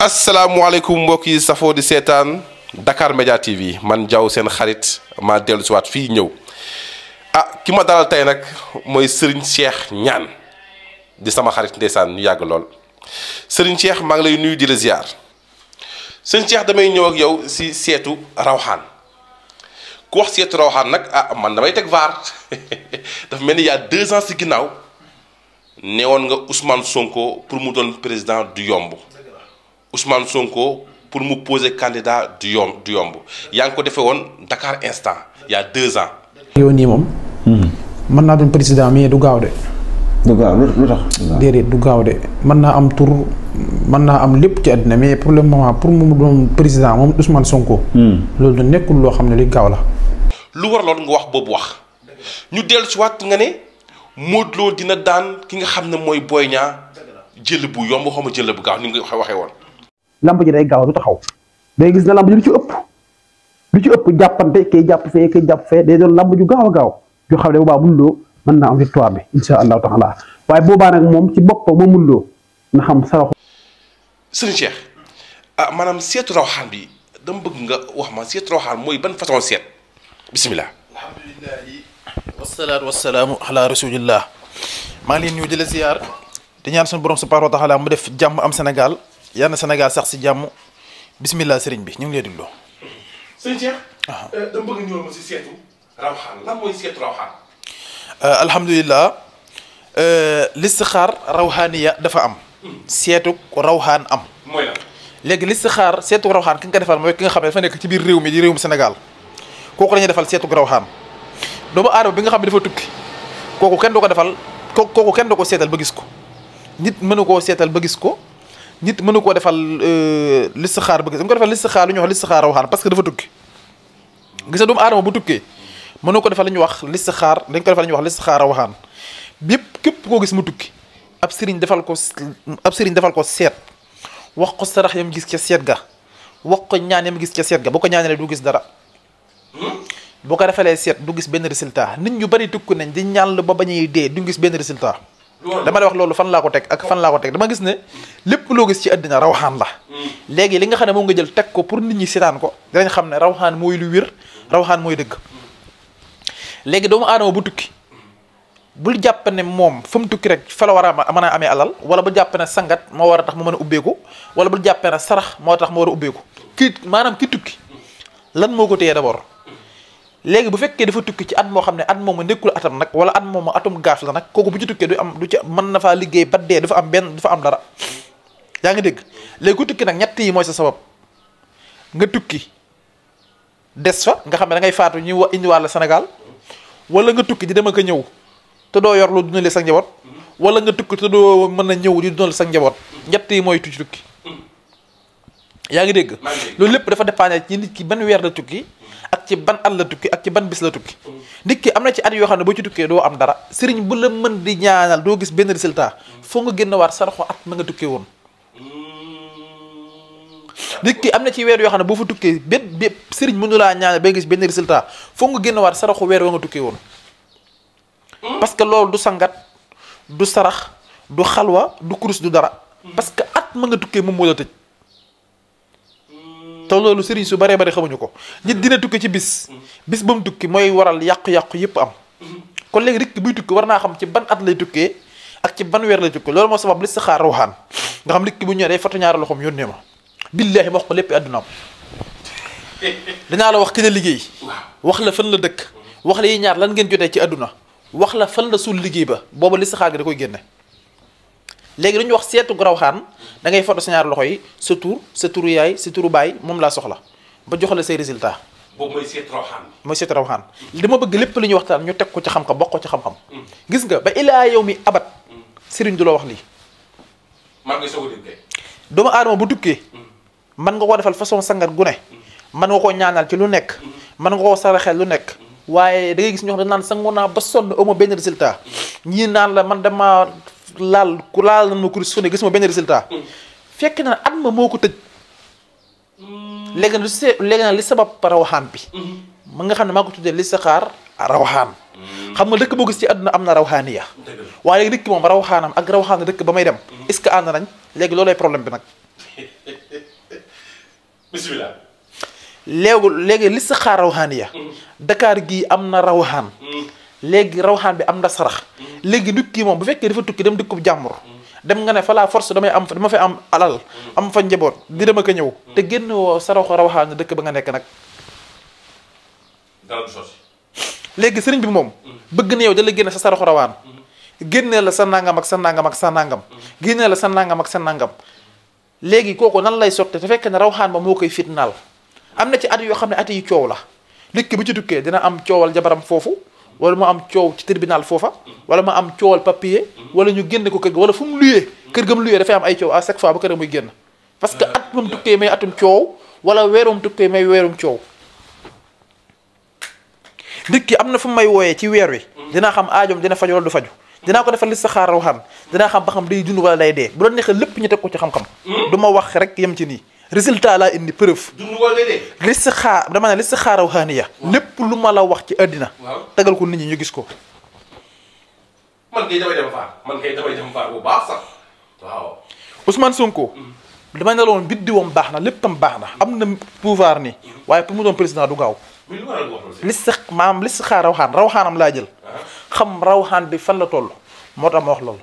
asalaamualeykum mbokk yi safoo di seetaan Dakar Media TV man Diaw seen xarit ma dellu waat fii ñëw a ah, ki ma dalal tey nag mooy sëriñ Cheikh ñaan di sama xarit ndeysaan ñu yàgg lool Serigne Cheikh maa ngi lay nuyu di la ziar Serigne damay ñëw ak yow si seetu rawxaan ku wax seetu rawxaan nag ah man damay teg vaar dafa mel ni y' a ci ans si ginnaaw neewoon nga usman Sonko pour mu doon président du yomb. Ousmane Sonko pour mu poser candidat du yomb du yomb yaa ngi ko defee woon Dakar instant il y a deux nii moom. Hmm. mën naa doon président mais du gaaw de. du gaaw lu tax. gaaw de mën naa am tur mën naa am lépp ci àddina mais pour le moment pour mu doon président moom Ousmane Sonko. Hmm. loolu da nekkul loo xam ne li gaaw la. lu war loolu nga wax boobu wax ñu dellu si waat nga ne Modou Lo dina daan ki nga xam ne mooy Boy Niang jël bu yomb xaw ma jël bu gaaw ni nga ko waxee woon. lamb ji day gaaw du taxaw day gis na lamb ji lu ci ëpp lu ci ëpp jàppante kay jàpp fee kay jàpp fee day doon lamb ju gaaw a gaaw joo xam ne boobaa Modou Lo mën naa am victoire bi insha waaye boobaa moom ci boppam moom Modou Lo na xam saraxu. Ah, sëriñ bi dama bëgg nga wax ma seetu rawxaan mooy ban façon set bisimilah. alhamdulilah. wasalaatu wasalaamu ala rasulillah maa ngi leen nuyu di la ziar di ñaan suñu borom subhanahu mu def jàmm am Sénégal. yàlla na Sénégal sax si jàmm bismillah sëriñ bi ñu ngi lay déglu. sëñ Cheikh. Ah. Euh, dama si seetu rawxaan lan mooy seetu rawxaan. Euh, alhamdulilah euh, listixaar dafa am. Hmm. seetu rawxaan am. mooy lan léegi listixaar seetu rawxaan ki nga ko defal mooy ki nga xam ne dafa nekk ci biir réew mi di réewum Sénégal kooku la ñuy defal seetu rawxaan doomu aadama bi nga xam ne dafa tukki kooku kenn du ko defal kooku kenn du ko seetal ba gis ko nit mënu koo seetal ba gis ko. nit mënu koo defal euh, listixaar bëgg dañ ko defal listixaar lu ñuy wax listixaar rawxaan parce que dafa tukki gisa doomu aadama bu tukkee mënu ko defal lu ñuy wax listixaar dañ ko defal wax ñuy wax listixaar rawxaan bépp képp koo gis mu tukki ab sëriñ defal ko ab sëriñ defal ko seet wax ko sarax yam gis ca seet ga wax ko ñaan yam gis ca seet ga boo ko ñaanalee du gis dara boo ko defalee seet du gis benn résultat nit ñu bari tukki nañ di ñaan ba bañuy dee du gis benn résultat dama lay wax loolu fan laa ko teg ak fan laa dama gis ne lépp loo gis ci àddina rawxaan la hmm. léegi li nga xam ne moom nga jël teg ko pour nit ñi seetaan ko dinañ xam ne rawxaan mooy lu wér rawxaan mooy dëgg léegi doomu aadama bu tukki bul jàpp ne moom fa mu tukki rek fa la war a mën a amee alal wala bul jàpp ne sangat moo war a tax ma mën a ubbeeku wala bul jàpp ne sarax moo tax mu war a ubbeeku ki maanaam ki tukki lan moo ko téye d'abord léegi bu fekkee dafa tukki ci at moo xam ne at moom ma nekkul atam nag wala at moom ma atum gaaf la nag kooku bu ci tukkee du am du ci mën na faa liggéey ba dee dafa am benn dafa am dara yaa ngi dégg léegi ku tukki nag ñett yi mooy sa sabab nga tukki des fa nga xam ne da ngay faatu ñu indiwaat la Sénégal wala nga tukki di dem ak ñëw te doo yor lu dundalee sa njaboot mm-hmm. wala nga tukki te doo mën a ñëw di dundal sa njaboot ñett yi mooy tu ci tukki yaa ngi dégg loolu lépp dafa dépendre ci nit ki ban weer la tukki ak ci ban at la tukki ak ci ban bis la tukki nit ki am na ci at yoo xam ne boo ci tukkee doo am dara sëriñ bu la mën di ñaanal doo gis benn résultat foo nga génn waat saraxo at ma nga tukkee woon mm. ki am na ci weer yoo xam ne boo fa tukkee benn benn sëriñ mënu laa ñaanal ba gis benn résultat foo nga génn waat saraxu weer wa nga tukkee woon mm. parce que loolu du sangat du sarax du xalwa du kurus du dara mm. parce que at ma nga tukkee moom moo la tëj te loolu sëriñ su baree bari xamuñu ko nit dina tukki ci bis bis ba mu tukki mooy waral yàqu-yàqu yëpp am kon léegi rekk buy tukki war naa xam ci ban at lay tukkee ak ci ban weer lay tukkee loolu moo sabab saxaar ruuxaan nga xam rekk bu ñëwee day foto ñaari loxoom yónnee ma billaahi ma wax ko lépp àddunaam dinaa la wax ki la liggéey wax la fan la dëkk wax la yi ñaar lan ngeen jotee ci àdduna wax la fan la suul liggéey ba booba li saxaar gi da koy génne léegi dañuy wax seetu rawxaan da ngay foto sa ñaar loxo yi sa tur sa turu yaay sa turu baay moom laa soxla ba jox la say résultat boobu mooy seetu rawxaan mooy seetu rawxaan dama bëgg lépp li ñuy waxtaan ñu teg ko ci xam-xam bokk ko ci xam-xam mm. gis nga ba ilaa yow mi abat mm. sëriñ du la wax li man a dégg doomu aadama bu tukkee mm. man nga koo defal façon sangar gu ne man nga koo ñaanal ci lu nekk man nga koo saraxel lu nekk waaye da ngay gis ñoo xam ne naan sangu ba sonn amoo benn résultat ñii naan la man laal ku laal na ma kuréel su ne gisuma benn résultat. Mm. fekk na at ma moo ko tëj. Mm. léegi nag li si léegi nag li sabab rawaxaan bi. Mm-hmm. ma nga xam ne maa ko tuddee li saxaar rawaxaan. Mm. xam nga dëkk boo gis ci àdduna am na rawaxaaniya. waaye léegi dëkk moom rawaxaanam ak rawaxaan dëkk ba may dem. Mm-hmm. est-ce que ànd nañ léegi loolay problème bi nag. bismillah. léegi léegi rawaxaaniya. Mm-hmm. Dakar gii am na rawaxaan. léegi rawxaan bi am na sarax léegi nit kii moom bu fekkee dafa tukki dem dëkkub jàmbur dem nga ne falaa la force damay am dama fa am alal am fa njaboot di dem ak ñëw te génn woo saraxu rawxaan dëkk ba nga nekk nag léegi bi moom bëgg na yow da la sa saraxu rawaan génnee la sa nangam ak sa nangam ak sa nangam génnee la sa nangam ak sa nangam léegi kooku nan lay sotte te fekk ne rawxaan ba moo koy fitnaal am na ci at yoo xam ne at yi coow la nit ki bu ci dukkee dina am coowal jabaram foofu wala mu am coow ci tribunal foofa wala mu am coowal papier wala ñu génne ko kër ga wala fu mu luyee kër ga mu luyee dafay am ay coow à chaque fois ba kër ga muy génn parce que euh, at moom euh. tukkee may atum coow wala weerum tukkee may weerum coow nit am na fu mu may wooyee ci weer wi dinaa xam aajoom dina faju wala du faju dinaa ko defa li saxaar raw xam dinaa xam ba xam day dund wala day dee bu doon neexee lépp ñu teg ko ci xam-xam hmm? du ma wax rek yem ci nii résultat laa indi preuve. li si xaar dama ne ya si xaaraw lépp lu ma la wax ci àddina. tagal ko nit ñi ñu gis ko. man kay damay dem faar man kay mm. baax na lépp Ousmane Sonko. baax na am na pouvoir ni mm. waaye pour mu doon président du gaaw. li maam li si xaar raw xaan raw xaanam laa jël. Ah. xam raw xaan bi fan la toll moo tax ma wax loolu.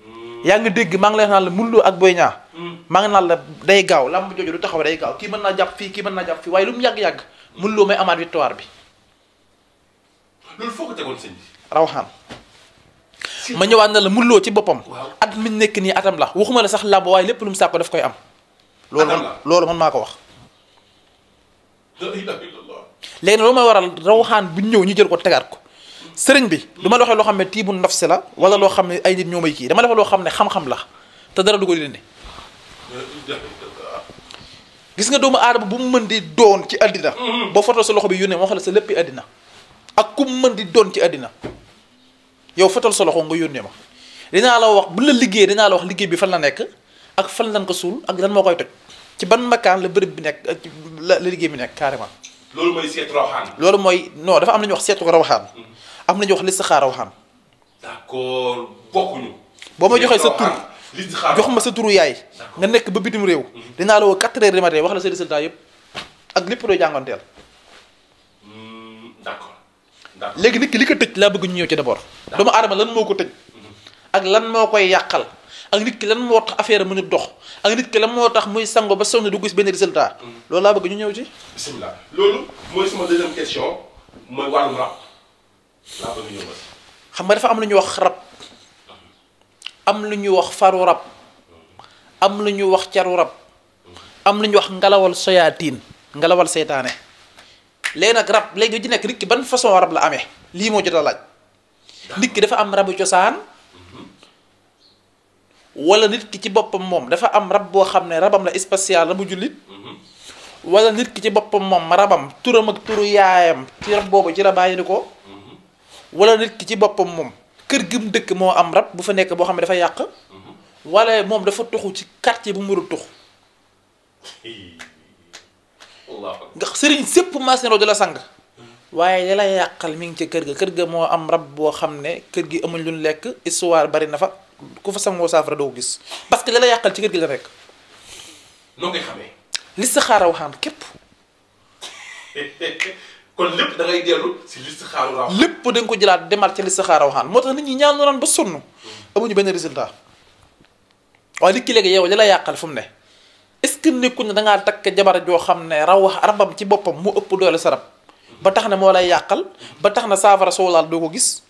Mm. yaa ngi dégg maa ngi lay naan la Modou Lo ak Boy Niang maa ngi naan la day gaaw lamb jooju du taxaw day gaaw kii mën naa jàpp fii kii mën naa jàpp fii waaye lu mu yàgg-yàgg mun loo may amaat victoire bi loolu foo ma ñëwaat na la mun loo ci boppam at mi nekk nii atam la waxuma la sax làmb waaye lépp lu mu sàkko daf koy am loolu man loolu man maa ko wax léegi loolu may waral rawxaan bu ñëw ñu jël ko tegaat ko sëriñ bi du ma la loo xam ne tiibu nafsi la wala loo xam ne ay nit ñoo may kii dama la loo xam ne xam-xam la te dara du gis nga doomu aadama bu mu mën di doon ci àddina mm-hmm. boo foto sa loxo bi yónnee moo xam ne sa léppi àddina ak ku mu mën di doon ci àddina yow fotal sa loxo nga yónnee ma dinaa la wax bu la liggéey dinaa la wax liggéey bi fan la nekk ak fan lan ko suul ak lan moo koy toj ci ban makaan la bërëb bi nekk ak la liggéey bi nekk carrément. loolu mooy seetu mooy non dafa am lu ñuy wax seetu rawaxaan. Mm-hmm. am na ñuy wax listixaar rawaxaan. d'accord bokkuñu. boo ma joxee sa tur. jox ma sa turu yaay nga nekk ba bitim réew mhm. dinaa la woo quatre heures du matin wax la sa résultat yëpp ak lépp doo jàngonteel hmm, d'accord léegi nit ki li ko tëj laa bëgg ñu ñëw ci d'abord doomu aadama lan moo ko tëj mhm. ak lan moo koy yàqal ak nit ki lan moo tax affaire mu mënul dox ak nit ki lan moo tax muy sango ba sonn du gis benn résultat mhm. loolu laa bëgg ñu ñëw ci bismillah loolu mooy sama deuxième xam nga dafa am lu wax rab am lu ñu wax faru rab am lu ñu wax caru rab am lu ñu wax ngalawal soyaatiin ngalawal seytaane léegi nag rab léegi ci nekk nit ki ban façon rab la amee lii moo jot a laaj nit ki dafa am rabu cosaan wala nit ki ci boppam moom dafa am rab boo xam ne rabam la spécial rabu jullit wala nit ki ci boppam moom rabam turam ak turu yaayam ci rab boobu ci rabaayini ko wala nit ki ci boppam moom kër gi mu dëkk moo am rab bu fa nekk boo xam ne dafa yàq mhm. walla moom dafa tuxu ci quartier bu mu warul tux nga sëriñ sépp maasnero di la sang mhm. waaye la yàqal mi ngi ci kër ga kër ga moo am rab boo xam ne kër gi amuñ lu lekk histoire bari na fa ku fa sangoo saafara doo gis parce que la yàqal ci kër gi la nekk noo li sa xaaraw képp kon lépp da ngay dellu si listixaaru rawxaan lépp da nga ko jëlaat demaat ci listixaaru rawxaan moo tax nit ñi ñaanu naan ba sonn mm. amuñu benn résultat waaye nit ki léegi yow li la yàqal fu ne est-ce que nekkul ne takk jabar joo xam ne raw rabam ci boppam mu ëpp doole sa ba tax ne moo lay yàqal ba tax na saafara soo laal doo ko gis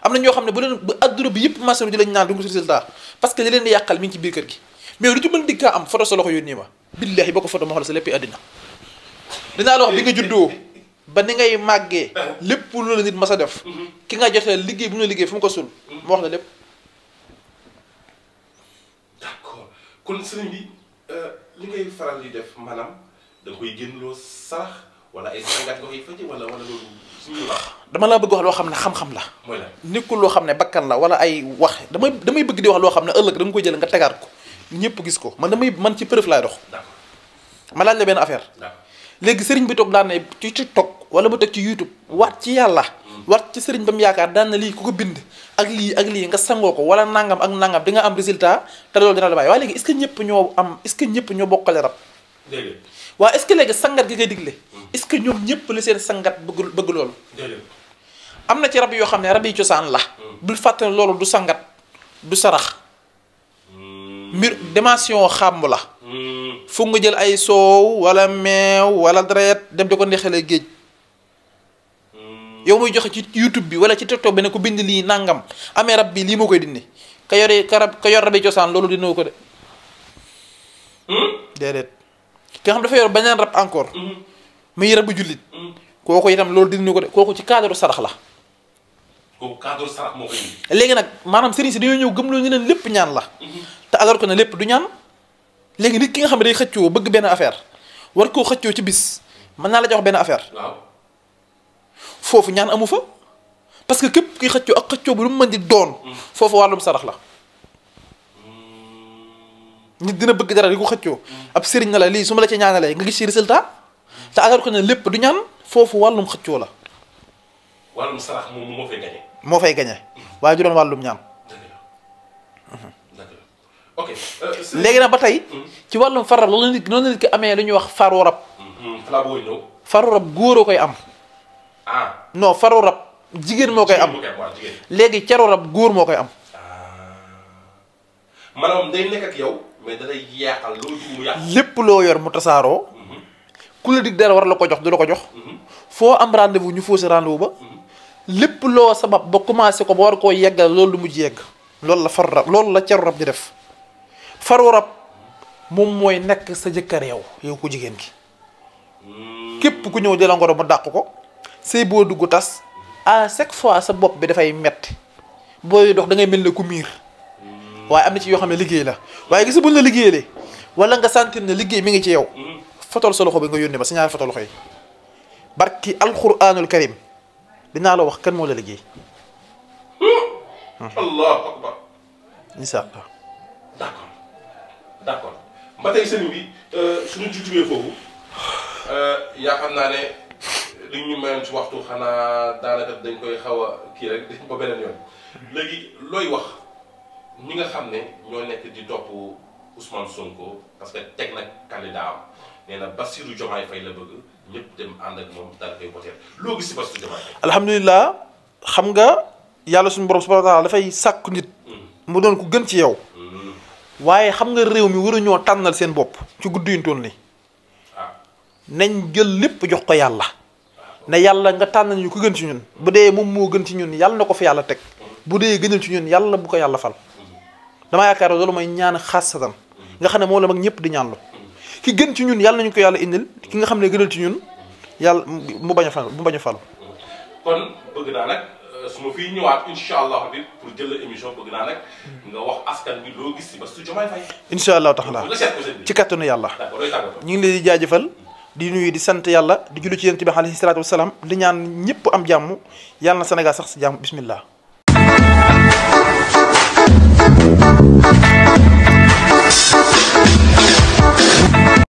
am na ñoo xam ne bu leen bu adduna bi yëpp marché ji lañ naan du nga résultat parce que li leen di yàqal mi ngi ci biir kër gi mais lu ci mën di kaa am photo sa loxo yónnee ma billahi boo ko ma nga juddoo ba ni ngay màggee lépp lu la nit mas a def mhm. ki nga jotee liggéey bu ñu liggéey fu mu ko sul mhm. mu wax la lépp bi euh, li ngay faral di def maanaam da koy génnloo sarax wala ay sangaat nga koy dama la bëgg wax loo xam ne xam-xam la mooy la loo xam ne bakkan la wala ay wax damay damay bëgg di wax loo xam ne ëllëg da nga koy jël nga tegaat ko ñëpp gis ko man damay man ci preuve laay dox ma laaj la benn affaire léegi sëriñ bi toog daan na ci TikTok wala mu teg ci YouTube waat ci yàlla. waat ci sëriñ bam yaakaar daan na lii ku ko bind ak lii ak lii nga sangoo ko wala nangam ak nangam di nga am résultat te loolu dina la bàyyi waaye léegi est-ce ñëpp ñoo am est-ce que ñëpp ñoo bokkale rab. déedéet waaw est-ce que léegi sangat gi ngay digle. est-ce que ñoom ñëpp la seen sangat bëgg bëgg loolu. am na ci rab yoo xam ne rab yi cosaan la. Hmm. bul fàtte ne loolu du sangat du sarax. Hmm. mbir dimension xàmm la. Hmm. fu nga jël ay soow wala meew wala deret dem di ko neexalee géej hmm. yow muy joxe ci YouTube bi wala ci TikTok bi ne ko bind lii nangam amee rab bi lii moo koy dindi ka yore ka rab ka yor rabi cosaan loolu dina ko de. Hmm? dafa yor beneen rab encore. Hmm. muy rabu jullit. kooku itam loolu dina ko de kooku ci cadre sarax la. kooku cadre sarax léegi nag maanaam sëriñ si dañoo ñëw gëm loo ñu ne lépp ñaan la. te alors que ne lépp du ñaan. léegi nit ki nga xam ne day xëccoo bëgg benn affaire war koo xëccoo ci bis mën naa la jox benn affaire. foofu ñaan amu fa parce que képp ki xëccoo ak xëccoo bu lu mu mën di doon. Mm. foofu wàllum sarax la. Mm. nit dina bëgg dara di ko xëccoo. Mm. ab sëriñ na la lii su ma la ci ñaanalee nga gis ci résultat. te alors que ne lépp du ñaan foofu wàllum xëccoo la. wàllum moo fay gañe. moo fay gañe wàllum ñaan. Euh, léegi nag ba tey. Hmm. ci wàllum farab loolu nit noonu nit ki amee lu ñuy wax faru rab. Hmm, hmm, faru rab góor a koy am. ah faru rab jigéen moo koy am léegi caru rab góor moo koy am. Ah. maanaam day yow lépp loo yor mu tasaaroo. ku la dig dara war la ko jox du la ko jox. foo am rendez ñu fausse rendez ba. lépp loo sabab ba commencé ko ba war koo yeggal loolu du mujj yegg. loolu la faru rab loolu la caru rab di def. faru rab moom mooy nekk sa jëkkër yow yow ku jigéen gi hmm. képp ku ñëw jëla ngoro mu dàq ko sëy boo dugg tas à chaque fois sa bopp bi dafay mett booy dox dangay mel ni ku miir hmm. waaye am na ci yoo xam ne liggéey la waaye gis buñ la liggéeyalee wala nga sentir ne liggéey mi ngi ci yow hmm. fotol sa loxo bi nga yónnee ma sa ñaari fotol loxo yi barki alquranul karim dinaa la wax kan moo la liggéey. d' accord ba tey sëriñ bi euh, suñu jugee foofu euh, yaa xam naa ne li ñu mayoon si waxtu xanaa daanaka dañ koy xaw a kii rek dañ ko beneen yoon léegi looy wax ñi nga xam ne ñoo nekk di topp Ousmane Sonko parce que teg na candidat am nee na Bassirou Diomaye Faye la bëgg ñëpp dem ànd ak moom daal koy loo gis si Bassirou Diomaye Faye. alhamdulilah xam nga yàlla suñu borom subhanahu wa taala dafay sàkku nit. Hmm. mu doon ku gën ci yow. waaye xam nga réew mi waruñoo tànnal seen bopp ci guddiyuntoon li ah. nañ jël lépp jox ko yàlla ne yàlla nga tànnal ñu ko gën ci ñun bu dee moom moo gën ci ñun yàlla na ko fi yàlla teg bu dee gënal ci ñun yàlla bu ko yàlla fal mm-hmm. dama yaakaar loolu mooy ñaan xaasatan mm-hmm. nga xam ne moom la mag ñëpp di ñaanlu mm-hmm. ki gën ci ñun yàlla nañu ko yàlla indil ki nga xam ne gënal ci ñun yàlla mu bañ fal mu bañ a fal su ma fiy ñëwaat incha allah tax naa ci yàlla. ñu ngi leen di jaajëfal. di nuyu di sant yàlla di jullu ci yonent bi alayhi salaatu wasalaam di ñaan ñëpp am jàmm yàlla senegal Sénégal sax si jàmm bismillah.